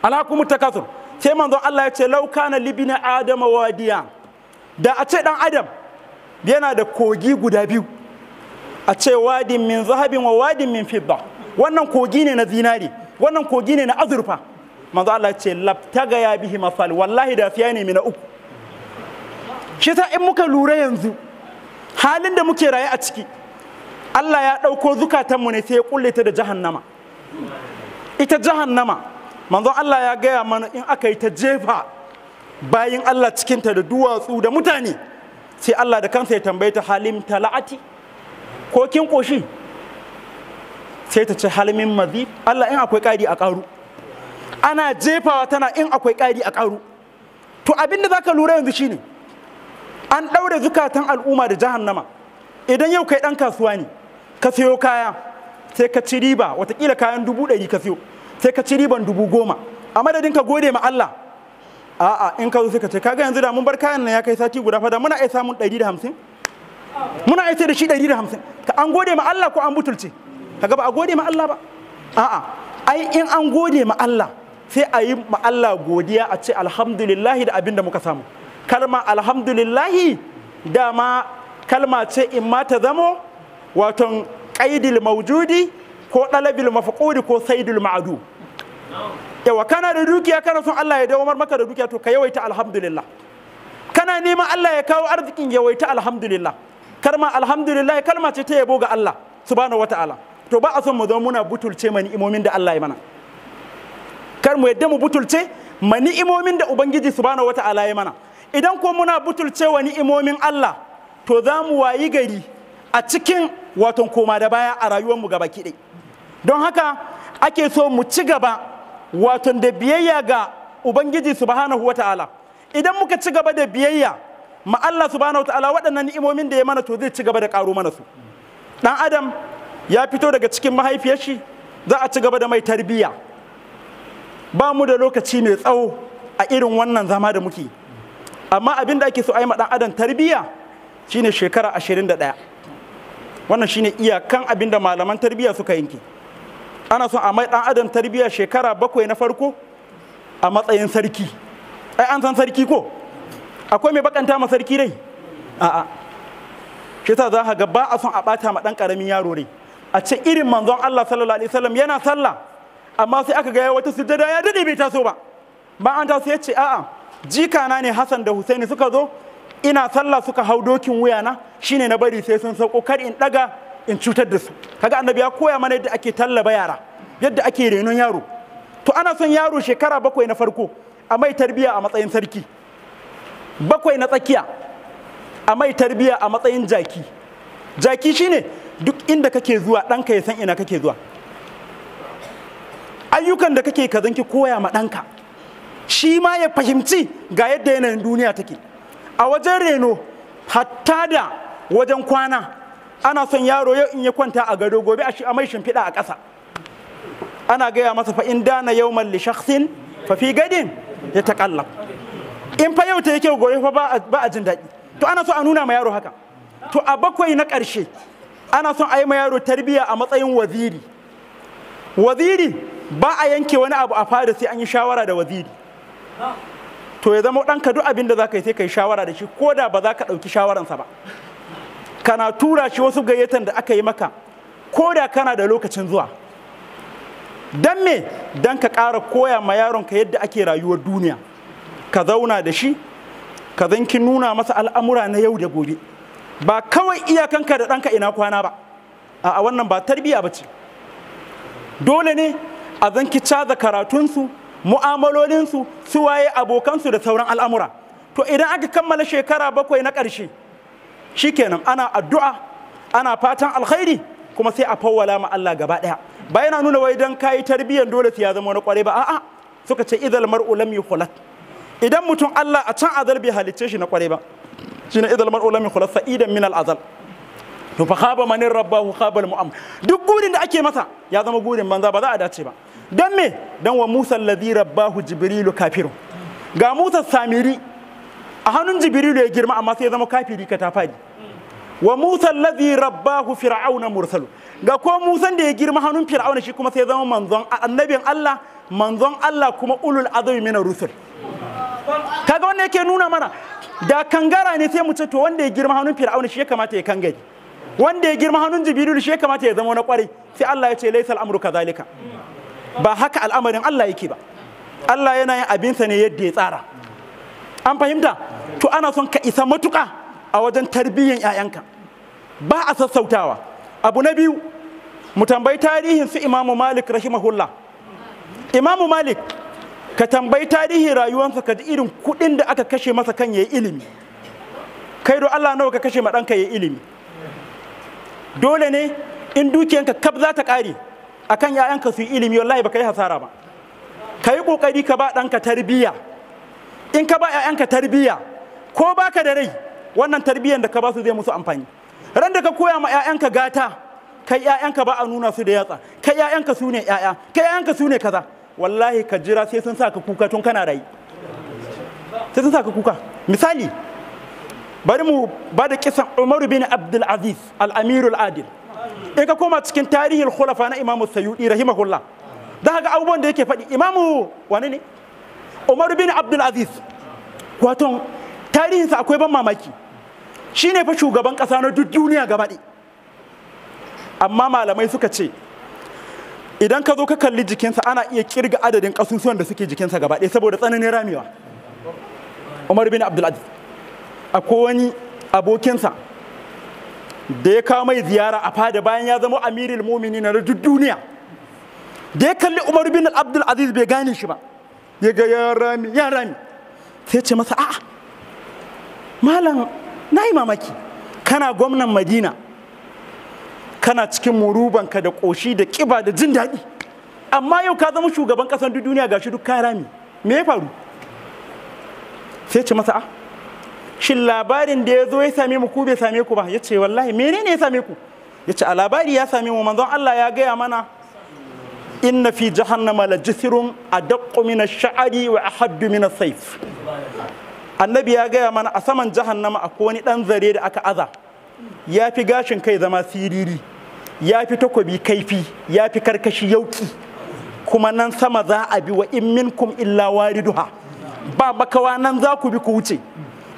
alhakumu takathur sai manzon Allah ya ce law kana libina adama wadiya da a ce dan adam yana da kogi guda biyu a ce wadin min zahabin wa wadin min fidda wannan kogi ne na zinari wannan kogi ne na azurfa manzo Allah ce labtaga ya bihi masal wallahi da fiya ne mina uku shi ta in muka lura yanzu halin da muke raye a ciki Allah ya ɗauko zukatanmu ne sai ya kulle ta da jahannama ita jahannama manzon Allah ya gaya mana in aka yi ta jefa bayin Allah cikinta da duwatsu da mutane sai Allah da kansa ya tambaye ta halim tala'ati ko kin koshi sai ta ce halimin mazi Allah in akwai ƙari a ƙaru ana jefawa tana in akwai ƙari a ƙaru to abin da zaka lura yanzu shine an ɗaure zukatan al'umma da jahannama idan yau kai ɗan kasuwa ne ka siyo kaya sai ka ci riba watakila kayan dubu ɗari ka siyo. sai ka ci riban dubu goma a madadin ka gode ma Allah a'a in ka zo sai ka ce kaga yanzu da mun bar kayan nan ya kai sati guda fada muna aisa mun ɗari da hamsin muna aisa da shi ɗari da hamsin ka an gode ma Allah ko an butulce kaga ba a gode ma Allah ba a'a ai in an gode ma Allah sai a yi ma Allah godiya a ce alhamdulillahi da abin da muka samu kalma alhamdulillahi dama kalma ce in ma ta zamo waton qaidil mawjudi ko dalabil mafqudi ko saidul ma'du yawa kana da dukiya kana son Allah ya dawo maka da dukiya to ka yawaita alhamdulillah kana neman Allah ya kawo arzikin yawaita alhamdulillah karma alhamdulillah kalma ce ta yabo ga Allah subhanahu wataala to ba a son mu zo muna butulce ma ni'imomin da Allah ya mana kar mu yadda mu butulce ma ni'imomin da ubangiji subhanahu wataala ya mana idan ko muna butulce wani ni'imomin Allah to za mu wayi gari a cikin waton koma da baya a rayuwar mu gaba kiɗai don haka ake so mu ci gaba waton da biyayya ga ubangiji subhanahu wata'ala idan muka ci gaba da biyayya ma Allah subhanahu wata'ala waɗannan ni'imomin da ya mana to zai ci gaba da ƙaro mana su dan adam ya fito daga cikin mahaifiyar shi za a ci gaba da mai tarbiyya ba mu da lokaci mai tsawo a irin wannan zama da muke amma abin da ake so a yi ma dan adam tarbiyya shine shekara 21 wannan shine iyakan abin da malaman tarbiyya suka yanke ana son a mai dan adam tarbiyya shekara bakwai na farko a matsayin sarki ai an san sarki ko akwai mai bakanta ma sarki rai a'a shi za ka ga ba a son a bata ma dan karamin yaro rai a ce irin manzon Allah sallallahu alaihi wasallam yana sallah amma sai aka ga ya wata sujada ya dade bai taso ba ba an taso ya ce a'a jikana ne Hassan da Husaini suka zo ina sallah suka hau dokin wuyana shine na bari sai sun sauko kar in daga in cutar da su kaga annabi ya koya mana yadda ake tallaba yara yadda ake renon yaro to ana son yaro shekara bakwai na farko a mai tarbiya a matsayin sarki bakwai na tsakiya a mai tarbiya a matsayin jaki jaki shine duk inda kake zuwa ɗanka ya san ina kake zuwa ayyukan da kake ka zanki koya ma ɗanka shi ma ya fahimci ga yadda yanayin duniya take a wajen reno hatta da wajen kwana ana son yaro yau in ya kwanta a gado gobe a mai shimfiɗa a ƙasa ana gaya masa fa in dana yau malli shaksin fa fi gadin ya taƙallaf. in fa yau ta yake gobe fa ba a jin daɗi to ana so a nuna ma yaro haka to a bakwai na ƙarshe ana son a yi ma yaro tarbiyya a matsayin waziri waziri ba a yanke wani abu a fara sai an yi shawara da waziri to ya zama ɗanka duk abin da za ka yi sai ka yi shawara da shi ko da ba za ka ɗauki shawaransa ba kana tura shi wasu gayyatan da aka yi maka ko da kana da lokacin zuwa don me don ka kara koya ma yaronka yadda ake rayuwar duniya ka zauna da shi ka zanki nuna masa al'amura na yau da gobe ba kawai iyakanka da ɗanka ina kwana ba a wannan ba tarbiya ba ce dole ne a zanki caza karatunsu mu'amalolinsu su waye abokansu da sauran al'amura to idan aka kammala shekara bakwai na ƙarshe Shi kenan ana addu'a ana fatan alkhairi kuma sai a fawwala ma Allah gaba daya ba yana nuna wai dan kai tarbiyyar dole sai ya zama wani kware ba a'a suka ce idal mar'u lam yukhlaq idan mutum Allah a can azal bai halicce shi na kware ba shine idal mar'u lam yukhlaq sa'idan min al azal to fa khaba man rabbahu khaba al mu'am duk gurin da ake masa ya zama gurin banza ba za a dace ba dan me dan wa Musa alladhi rabbahu jibrilu kafiru ga Musa samiri a hannun jibrilu ya girma amma sai ya zama kafiri ka ta wa musa alladhi rabbahu fir'auna mursalu ga ko musan da ya girma hannun fir'auna shi kuma sai ya zama manzon annabin Allah manzon Allah kuma ulul azmi min rusul kaga wanda yake nuna mana da kangara ne sai mu ce to wanda ya girma hannun fir'auna shi ya kamata ya kangaje wanda ya girma hannun jibrilu shi ya kamata ya zama na kwarai sai Allah ya ce laisal amru kadhalika ba haka al'amarin Allah yake ba Allah yana yin abinsa ne yadda ya tsara an fahimta to ana son ka isa matuƙa a wajen tarbiyyar 'ya'yanka ba a sassautawa abu na biyu mu tambayi tarihin su imamu malik rahimahullah imamu malik ka tambayi tarihin rayuwarsa ka ji irin kuɗin da aka kashe masa kan yayi ilimi kai do Allah nawa ka kashe ma ɗanka yayi ilimi dole ne in dukiyanka kaf za ta ƙare akan 'ya'yanka su yi ilimi wallahi ba ka yi hasara ba ka yi ƙoƙari ka ba ɗanka tarbiyya in ka ba 'ya'yanka tarbiyya ko baka da rai wannan tarbiyyar da ka ba su zai musu amfani ran da ka koya ma 'ya'yanka gata kai 'ya'yanka ba a nuna su da yatsa kai 'ya'yanka su ne 'ya'ya kai 'ya'yanka su ne kaza wallahi ka jira sai sun sa ka kuka tun kana rai sai sun sa ka kuka misali bari mu ba da kisan umaru bin abdul aziz al-amirul adil in ka koma cikin tarihin khulafa na imamu sayyidi rahimahullah da ga abubuwan da yake faɗi imamu wani ne umar bin abdul aziz wato tarihinsa akwai ban mamaki shine fa shugaban ƙasa na duk duniya gaba amma malamai suka ce idan ka zo ka kalli jikinsa ana iya kirga adadin kasusuwan da suke jikinsa gaba ɗaya saboda tsananin ramewa umar bin Abdul Aziz akwai wani abokinsa da ya kawo mai ziyara a fada bayan ya zama amirul mumini na duk duniya da ya kalli umar bin Abdul aziz bai gane shi ba ya ga ya rami ya rami sai ce masa a'a malam na yi mamaki kana gwamnan madina kana cikin murubanka da ƙoshi da ƙiba da jin daɗi amma yau ka zama shugaban ƙasar duk duniya gashi duk ka rami me ya faru sai ce masa a shin labarin da ya zo ya same mu ku bai same ku ba ya ce wallahi menene ya same ku ya ce a labari ya same mu manzon Allah ya gaya mana inna fi jahannama la a adaqqu min ash-sha'ri wa ahaddu min as-sayf annabi ya gaya mana a saman jahannama akwai wani dan zare da aka aza ya fi gashin kai zama siriri ya fi takobi kaifi ya fi karkashi yauki kuma nan sama za a bi wa in minkum illa wariduha ba makawa nan za ku bi ku wuce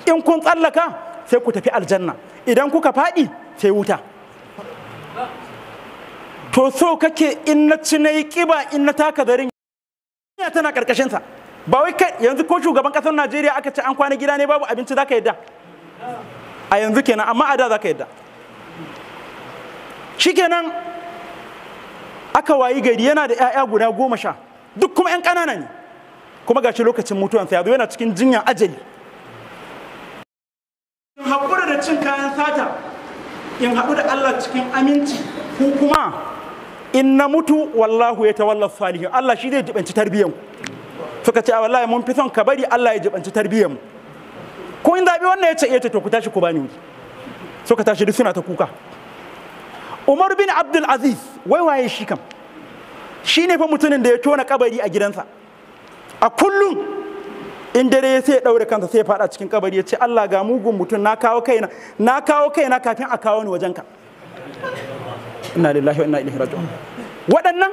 in kun tsallaka sai ku tafi aljanna idan kuka faɗi sai wuta to so kake in na ci na yi ƙiba in na taka darin ya tana ƙarƙashinsa ba wai kai yanzu ko shugaban ƙasar najeriya aka ce an kwana gida ne babu abinci za ka yadda a yanzu kenan amma a da za ka yadda shikenan aka wayi gari yana da 'ya'ya guda goma sha duk kuma 'yan ƙanana ne kuma gashi lokacin mutuwansa sa, zo yana cikin jinyar ajali in haƙura da cin kayan sata in haɗu da allah cikin aminci ko kuma in na mutu wallahu ya tawalla salihin Allah shi zai jibanci tarbiyyar suka ce a wallahi mun fi son ka bari Allah ya jibanci tarbiyyar mu ko in zabi wannan ya ce ya eh, ce to ku tashi ku bani wuri suka tashi duk suna ta kuka Umar bin Abdul Aziz wai waye shi kam shi ne fa mutumin da ya tona kabari a gidansa a kullum in dare ya sai daure kansa sai ya fada cikin kabari ya ce Allah ga mugun mutum na kawo kaina na kawo kaina kafin a kawo ni wajenka inna lillahi wa inna ilaihi raji'un waɗannan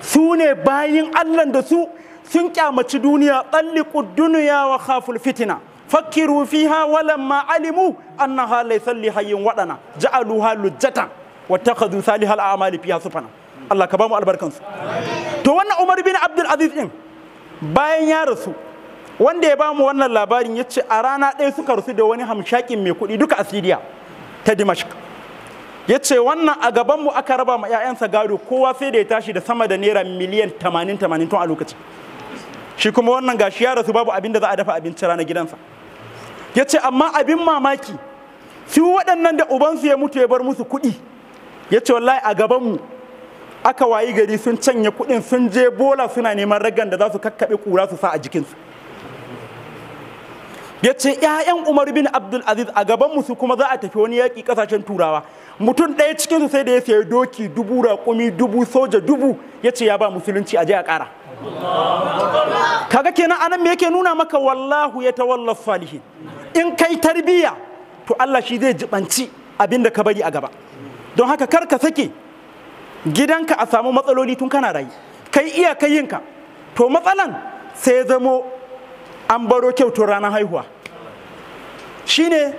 su ne bayin Allah da su sun kyamaci duniya talliqu dunya wa khaful fitina fakkiru fiha walamma alimu annaha laysa li hayyin wadana ja'aluha lujjatan wattakhadhu salihal a'mali fiha sufana Allah ka ba mu albarkansu to wannan Umar bin Abdul Aziz din bayan ya rasu wanda ya bamu wannan labarin yace a rana ɗaya suka rasu da wani hamshakin mai kuɗi duka a Siriya ta Dimashq ya ce wannan a gabanmu aka raba ma 'ya'yansa gado kowa sai da ya tashi da sama da naira miliyan 80-80 tun a lokacin shi kuma wannan gashi ya su babu abin da za a dafa abinci rana gidansa ya ce amma abin mamaki su waɗannan da ubansu ya mutu ya bar musu kuɗi ya ce wallahi a gabanmu aka wayi gari sun canye kuɗin sun je bola suna neman ragan da za su kakkaɓe ƙura su sa a jikinsu ya ce ‘ya'yan umar bin abdul aziz a gaban su kuma za a tafi wani yaƙi ƙasashen turawa mutum ɗaya cikin su sai da ya sayi doki dubu raƙumi dubu soja dubu ya ce ya ba musulunci a je a ƙara kaga kenan anan me yake nuna maka wallahu ya tawalla salihin in kai tarbiyya to Allah shi zai jibanci abinda ka bari a gaba don haka kar ka sake gidanka a samu matsaloli tun kana rayu kai iya kai yinka to matsalan sai zamo an baro kyautar ranar haihuwa Shi ne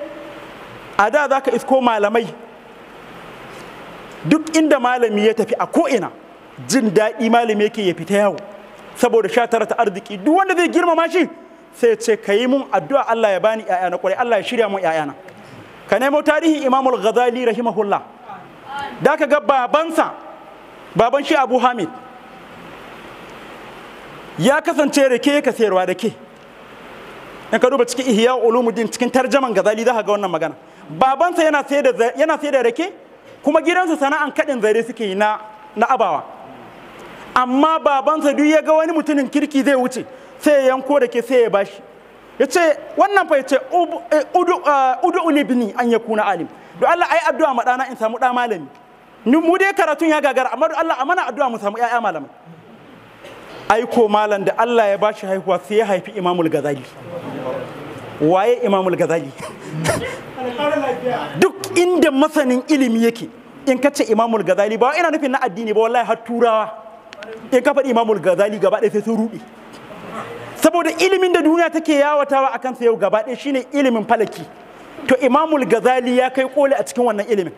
a da za ka isko malamai duk inda malami ya tafi a ko'ina jin daɗi malami yake ya fita yawo saboda sha tara ta arziki duk wanda zai girmama shi sai ce ka yi mun addu'a Allah ya bani ‘ya'ya na ƙwarai Allah ya shirya mun ‘ya'ya ka nemo tarihin imamul ghazali rahimahullah da ka ga babansa baban shi abu hamid ya kasance rake ka sayarwa da ke in ka duba cikin ihya ulumuddin cikin tarjaman gazali za ga wannan magana babansa yana sai da yana sai da rake kuma gidansa sana'an kadin zare suke yi na na abawa amma babansa duk ya ga wani mutumin kirki zai wuce sai ya yanko da ke sai ya bashi ya ce wannan fa ya ce eh, udu ah, bini an ya kuna alim don Allah ai addu'a ma ɗana in samu ɗa malami ni mu dai karatun ya gagara amma don Allah a mana addu'a mu samu ƴaƴa malamai aiko malam da Allah ya bashi haihuwa sai ya haifi imamul gazali waye imamul gazali duk inda masanin ilimi yake in ka ce imamul gazali ba ina nufin na addini ba wallahi har turawa in ka faɗi imamul gazali gaba ɗaya sai sun ruɗe saboda ilimin da duniya take yawatawa a kansa yau gaba ɗaya shine ilimin falaki to imamul gazali ya kai koli a cikin wannan ilimin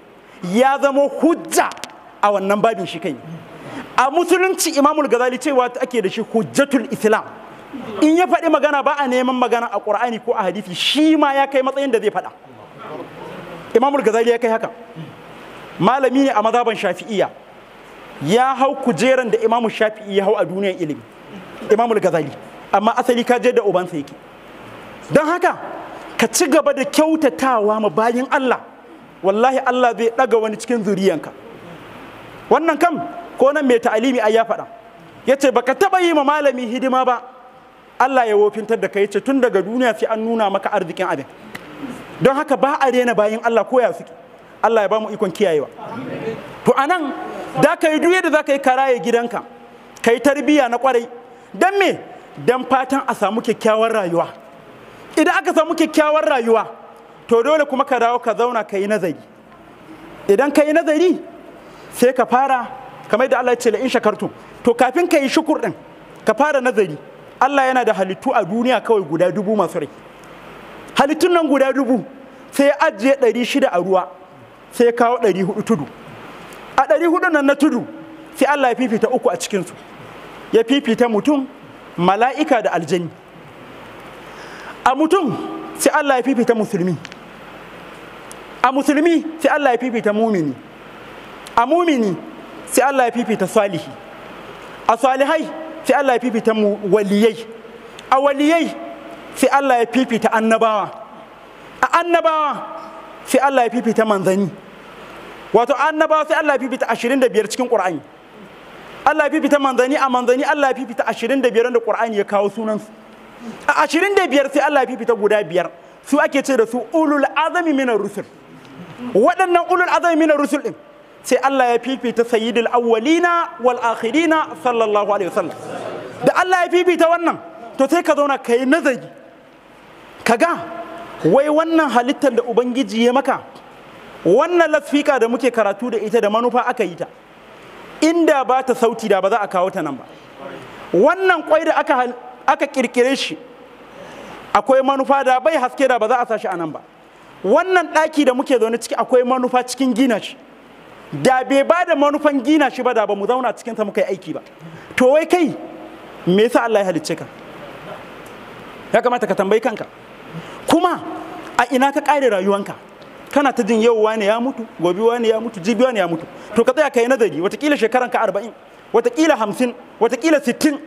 ya zama hujja a wannan babin shi kai a musulunci imamul gazali cewa ake da shi hujjatul islam in ya faɗi magana ba a neman magana a ƙur'ani ko a hadisi shi ma ya kai matsayin da zai faɗa imamul gazali ya kai haka malami ne a mazaban shafi'iyya ya hau kujeran da imamul shafi'i ya hau a duniyar ilimi imamul gazali amma asali ka je da ubansa yake don haka ka ci gaba da kyautatawa ma bayin Allah wallahi Allah zai ɗaga wani cikin zuriyanka wannan kam ko nan mai ta'alimi ai ya faɗa yace baka taɓa yi ma malami hidima ba Allah ya wofintar da kai ce tun daga duniya sai an nuna maka arzikin abin don haka ba a rena bayan Allah ko ya suke Allah ya ba mu ikon kiyayewa to anan da ka yi duniya da za ka yi karaye gidanka ka yi tarbiyya na kwarai don me don fatan a samu kyakkyawar rayuwa idan aka samu kyakkyawar rayuwa to dole kuma ka dawo ka zauna ka yi nazari idan ka yi nazari sai ka fara kamar da Allah ya ce la in shakartu to kafin ka yi shukur din ka fara nazari Allah yana da halittu a duniya kawai guda dubu masu rai halittun nan guda dubu sai ajiye ɗari shida a ruwa sai kawo ɗari hudu tudu a ɗari hudu nan na tudu sai Allah ya fifita uku a cikinsu ya fifita mutum mala'ika da aljani a mutum sai Allah ya fifita musulmi a musulmi sai Allah ya fifita mumini a mumini sai Allah ya fifita salihi a salihai sai Allah ya fifita mu waliyai a waliyai sai Allah ya fifita annabawa a annabawa sai Allah ya fifita manzani wato annabawa sai Allah ya fifita biyar cikin Qur'ani Allah ya fifita manzani a manzani Allah ya fifita ashirin da biyar Qur'ani ya kawo sunansu a ashirin da biyar sai Allah ya fifita guda biyar su ake ce da su ulul azami minar rusul waɗannan ulul azami minar rusul ɗin. sai Allah ya fifita sayyidul awwalina wal akhirina sallallahu alaihi wasallam da Allah ya fifita wannan to sai ka zauna kai nazari kaga wai wannan halittar da ubangiji ya maka wannan lasfika da muke karatu da ita da manufa aka yi ta inda ba ta sauti da ba za a kawo ta nan ba wannan kwai da aka aka kirkire shi akwai manufa da bai haske da ba za a sa shi a nan ba wannan ɗaki da muke zaune ciki akwai manufa cikin gina shi da bai ba da manufan gina shi ba da ba mu zauna cikinta muka yi aiki ba to wai kai me yasa Allah ya halicce ka ya kamata ka tambayi kanka kuma a ina ka ƙare rayuwanka kana ta jin yau wani ya mutu gobe wani ya mutu jibi wani ya mutu to ka tsaya ka yi nazari watakila shekaran ka arba'in watakila hamsin watakila sittin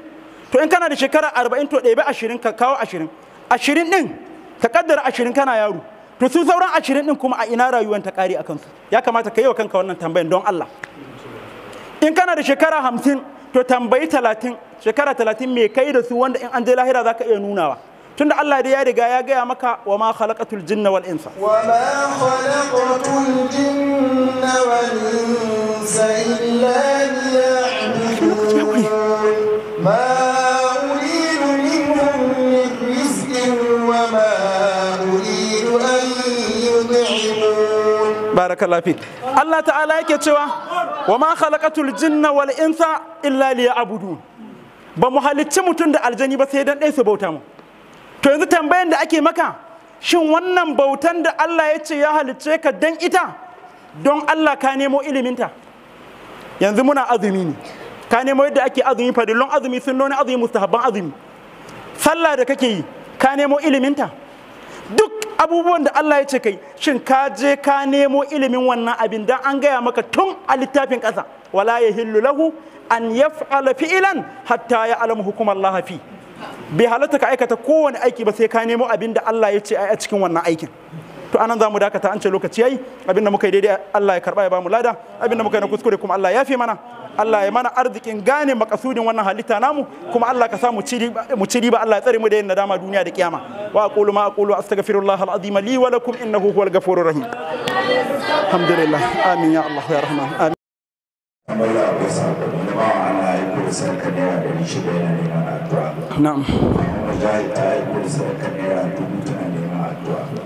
to in kana da shekara arba'in to ɗebe ashirin ka kawo ashirin ashirin ɗin ka kaddara ashirin kana yaro to su sauran ashirin din kuma a ina rayuwar ta kare a kansu ya kamata ka yi wa kanka wannan tambayin don Allah in kana da shekara hamsin to tambayi talatin shekara talatin me kai da su wanda in an je lahira za ka iya nunawa tunda Allah dai ya riga ya gaya maka wa ma khalaqatul jinna wal insa wa ma khalaqatul jinna wal insa illa liya'budun barakallah fik Allah ta'ala yake cewa wa ma khalaqatul jinna wal insa illa liya'budun ba mu halicci mutum da aljani ba sai dan dai su bauta mu to yanzu tambayan da ake maka shin wannan bautan da Allah ya ce ya halicce ka dan ita don Allah ka nemo iliminta yanzu muna azumi ne ka nemo yadda ake azumi fadilon azumi sunnoni azumi mustahabban azumi sallah da kake yi ka nemo iliminta duk abubuwan da Allah ya ce kai shin ka je ka nemo ilimin wannan abin dan an gaya maka tun a littafin ƙasa wala ya lahu an yaf'ala fi'lan hatta alamu hukum Allah fi bai halatta ka aikata kowane aiki ba sai ka nemo abin da Allah ya ce a cikin wannan aikin to anan zamu dakata an ce lokaci yayi abin da muka yi daidai Allah ya karba ya bamu lada abin da muka yi na kuskure kuma Allah ya fi mana Allah ya mana arzikin gane makasudin wannan halitta namu kuma Allah ka sa mu ci riba Allah ya tsare mu da yin nadama duniya da kiyama wa aqulu ma aqulu astaghfirullah alazim li wa lakum innahu huwal ghafurur rahim alhamdulillah amin ya Allah ya rahman amin ba ana yi na'am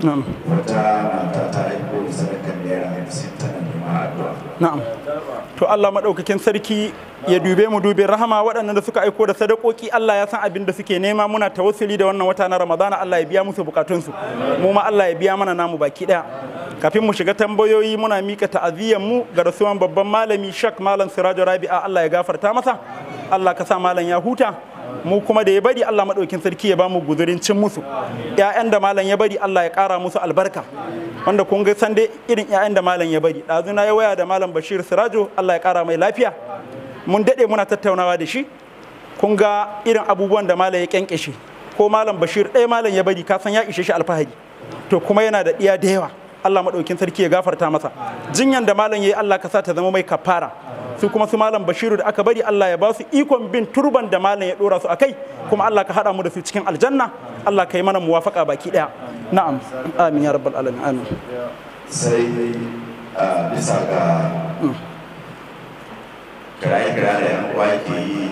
na'am na'am to Allah maɗaukakin sarki ya dube mu dubin rahama waɗannan da suka aiko da sadakoki Allah ya san abin da suke nema muna tawassuli da wannan wata na Ramadana Allah ya biya musu bukatunsu mu ma Allah ya biya mana namu baki ɗaya kafin mu shiga tambayoyi muna mika ta'aziyyar mu ga rasuwan babban malami Shak Malam Sirajo Rabi'a Allah ya gafarta masa Allah ka sa malam ya huta mu kuma da ya bari Allah maɗaukin sarki ya ba mu guzurin cin musu ƴaƴan da malam ya bari Allah ya ƙara musu albarka wanda kun ga san dai irin 'ya'yan da malam ya bari ɗazu na ya waya da malam Bashir Sirajo Allah ya ƙara mai lafiya mun daɗe muna tattaunawa da shi kun ga irin abubuwan da malam ya kyankyashe ko malam Bashir ɗaya malam ya bari ka san ya ishe shi alfahari to kuma yana da ɗiya da yawa Allah maɗaukin sarki ya gafarta masa jinyan da malam ya yi Allah ka sa ta zama mai kafara su kuma su malam bashiru da aka bari Allah ya ba su ikon bin turban da malam ya dora su akai kuma Allah ka hada mu da su cikin aljanna Allah ka yi mana muwafaka baki daya na'am amin ya rabbal alamin amin sai bisa ga hmm. kiraye-kiraye an yan uwa ke yi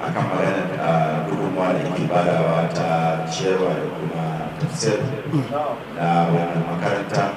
a kan magana da gudunmuwa da ke badawa ta ciyarwa da kuma tafsir hmm. na wannan makaranta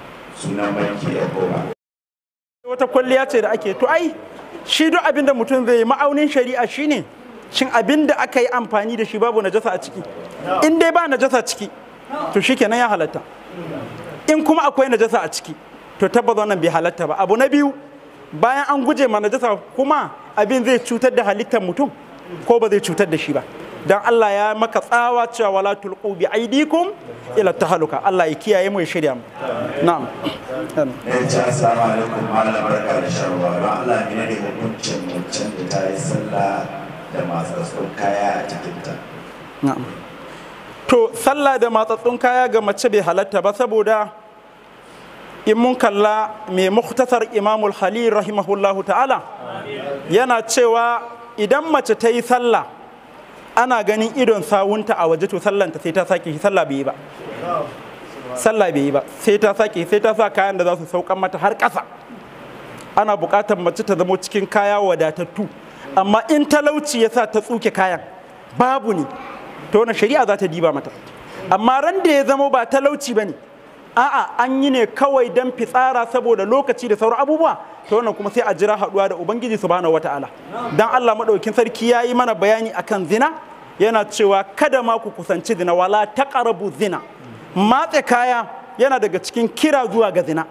suna banki ecowa wata kwalliya ce da ake to ai shi duk abin da mutum zai ma'aunin shari'a shine cin abin da aka yi amfani da shi babu najasa a ciki in dai ba najasa ciki to shikenan ya halatta in kuma akwai najasa a ciki to tabbas wannan bai halatta ba abu na biyu bayan an guje ma najasa kuma abin zai cutar da halittar mutum ko ba zai cutar da shi ba dan Allah ya maka tsawa cewa wala tulqu bi aidikum ila tahaluka Allah ya kiyaye mu ya shirya mu na'am eh, assalamu alaikum mallam barka da sharwa don Allah ne ne hukuncin mutum da ta yi sallah da matsatsun kaya a cikin ta na'am to sallah da matsatsun kaya ga mace bai halatta ba saboda in mun kalla mai muktasar imamul halil rahimahullahu ta'ala yana cewa idan mace ta yi sallah ana ganin idon sawunta a waje to sallanta sai ta sake sallah bai yi ba sallah bai yi ba sai ta sake sai ta sa kayan da za su saukan mata har ƙasa ana buƙatar mace ta zamo cikin kaya wadatattu amma in talauci ya sa ta tsuke kayan babu ne ta wani shari'a za ta diba mata amma ran da ya zamo ba talauci ba ne a'a an yi ne kawai don fitsara saboda lokaci da sauran abubuwa ta wannan kuma sai a jira haɗuwa da ubangiji subhanahu wataala Don Allah maɗaukin sarki ya yi mana bayani akan zina yana cewa kada ma ku kusanci zina wala ƙarabu zina matse kaya yana daga cikin kira zuwa ga zina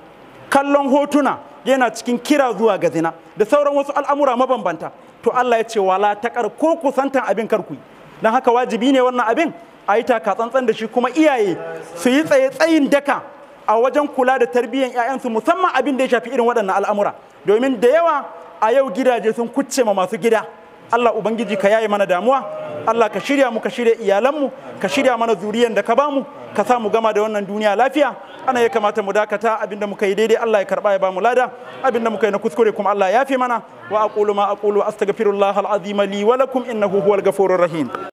kallon hotuna yana cikin kira zuwa ga zina da sauran wasu al'amura mabambanta to Allah ya ce wala taqar ko kusantan abin karku Don haka wajibi ne wannan abin a yi tsantsan da shi kuma iyaye su yi tsaye tsayin daka a wajen kula da tarbiyyar 'ya'yansu musamman abin da ya shafi irin waɗannan al'amura domin da yawa a yau gidaje sun kucce ma masu gida Allah Ubangiji ka yaye mana damuwa Allah ka shirya mu ka shirya iyalanmu ka shirya mana zuriyan da ka ba mu ka sa mu gama da wannan duniya lafiya ana ya kamata mu dakata abinda muka yi daidai Allah ya karba ya ba mu lada abinda muka yi na kuskure kuma Allah ya fi mana wa aqulu ma aqulu astaghfirullahal azim li wa lakum innahu huwal ghafurur rahim